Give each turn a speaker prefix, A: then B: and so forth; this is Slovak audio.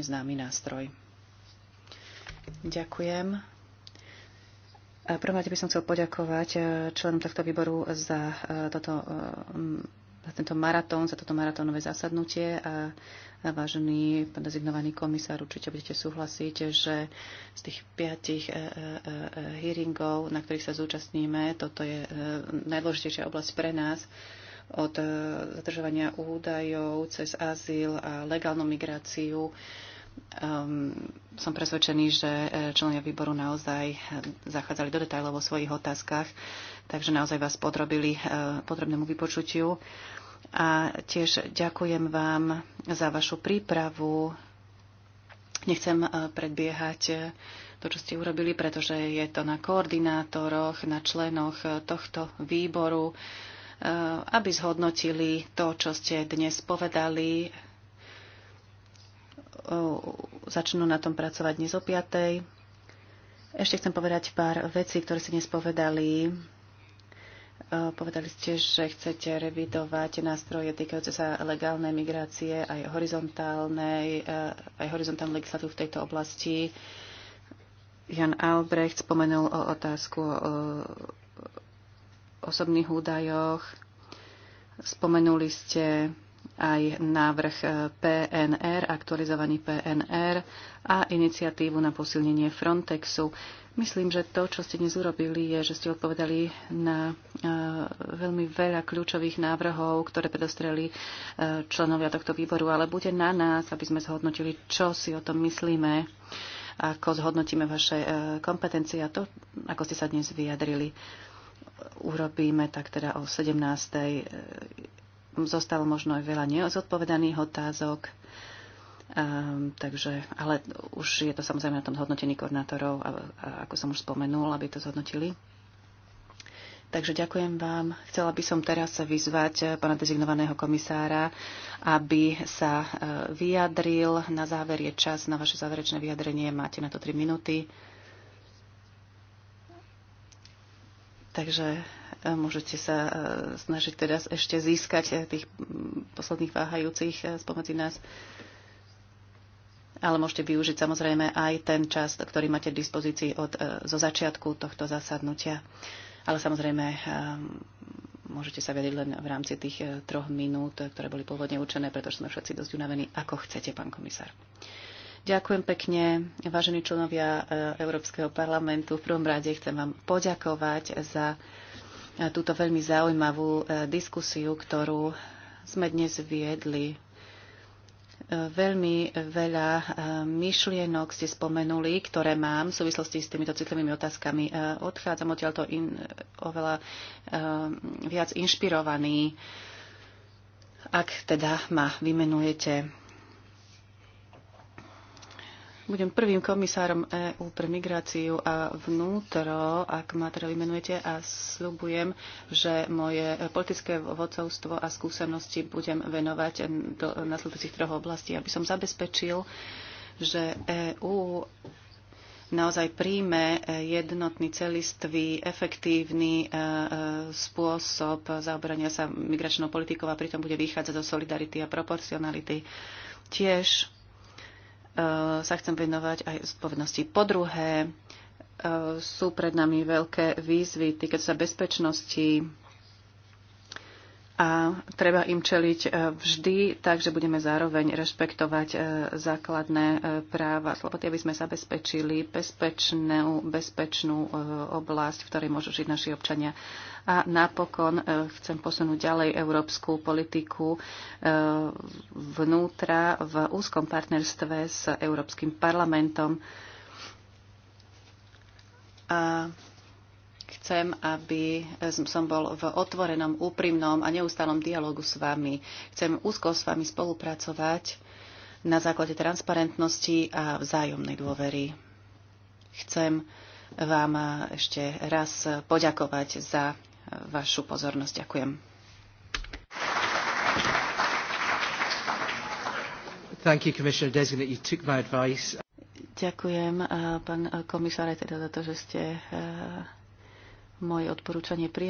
A: známy nástroj. Ďakujem. A prvom rade by som chcel poďakovať e, členom tohto výboru za, e, toto, e, za tento maratón, za toto maratónové zasadnutie a vážený pán dezignovaný komisár, určite budete súhlasiť, že z tých piatich hearingov, na ktorých sa zúčastníme, toto je najdôležitejšia oblasť pre nás, od e, zadržovania údajov cez azyl a legálnu migráciu. Um, som presvedčený, že e, členia výboru naozaj zachádzali do detajlov vo svojich otázkach, takže naozaj vás podrobili uh, podrobnému vypočutiu. A tiež ďakujem vám za vašu prípravu. Nechcem uh, predbiehať to, čo ste urobili, pretože je to na koordinátoroch, na členoch tohto výboru, Eh, aby zhodnotili to, čo ste dnes povedali. Eh, začnú na tom pracovať dnes o 5. Ešte chcem povedať pár vecí, ktoré ste dnes povedali. Eh, povedali ste, že chcete revidovať nástroje týkajúce sa legálnej migrácie, aj horizontálnej, aj horizontálnej legislatív v tejto oblasti. Jan Albrecht spomenul o otázku o osobných údajoch. Spomenuli ste aj návrh e, PNR, aktualizovaný PNR a iniciatívu na posilnenie Frontexu. Myslím, že to, čo ste dnes urobili, je, že ste odpovedali na e, veľmi veľa kľúčových návrhov, ktoré predostreli e, členovia tohto výboru, ale bude na nás, aby sme zhodnotili, čo si o tom myslíme, ako zhodnotíme vaše kompetencie a to, ako ste sa dnes vyjadrili urobíme, tak teda o 17. E, zostalo možno aj veľa neodpovedaných otázok, um, takže, ale už je to samozrejme na tom zhodnotení koordinátorov, a, a ako som už spomenul, aby to zhodnotili. Takže ďakujem vám. Chcela by som teraz vyzvať e, pána dezignovaného komisára, aby sa e, vyjadril. Na záver je čas na vaše záverečné vyjadrenie. Máte na to 3 minúty. Takže e, môžete sa e, snažiť teraz ešte získať e, tých posledných váhajúcich spomedzi nás. Ale môžete využiť samozrejme aj ten čas, ktorý máte k dispozícii od, zo začiatku tohto zasadnutia. Ale samozrejme môžete sa vedieť len v rámci tých troch minút, ktoré boli pôvodne určené, pretože sme všetci dosť unavení. Ako chcete, pán komisár. Ďakujem pekne, vážení členovia eh, Európskeho parlamentu. V prvom rade chcem vám poďakovať za eh, túto veľmi zaujímavú eh, diskusiu, ktorú sme dnes viedli. Veľmi veľa myšlienok ste spomenuli, ktoré mám v súvislosti s týmito citlivými otázkami. Odchádzam odtiaľto in, oveľa viac inšpirovaný, ak teda ma vymenujete budem prvým komisárom EÚ pre migráciu a vnútro, ak ma teda vymenujete a slubujem, že moje politické vodcovstvo a skúsenosti budem venovať do nasledujúcich troch oblastí, aby som zabezpečil, že EÚ naozaj príjme jednotný, celistvý, efektívny e, e, spôsob zaoberania sa migračnou politikou a pritom bude vychádzať zo solidarity a proporcionality. Tiež Eh, sa chcem venovať aj zodpovednosti. Po druhé, eh, sú pred nami veľké výzvy týkať sa bezpečnosti a treba im čeliť e, vždy, takže budeme zároveň rešpektovať e, základné e, práva slobody, aby sme zabezpečili bezpečnú, bezpečnú oblasť, v ktorej môžu žiť naši občania. A napokon chcem posunúť ďalej európsku politiku vnútra v úzkom partnerstve s Európskym parlamentom. A Chcem, aby som bol v otvorenom, úprimnom a neustálom dialogu s vami. Chcem úzko s vami spolupracovať na základe transparentnosti a vzájomnej dôvery. Chcem vám ešte raz poďakovať za vašu pozornosť. Ďakujem. Thank you, Commissioner Designate. You took my advice. Ďakujem, pán komisár, teda za to, že ste moje odporúčanie prijať.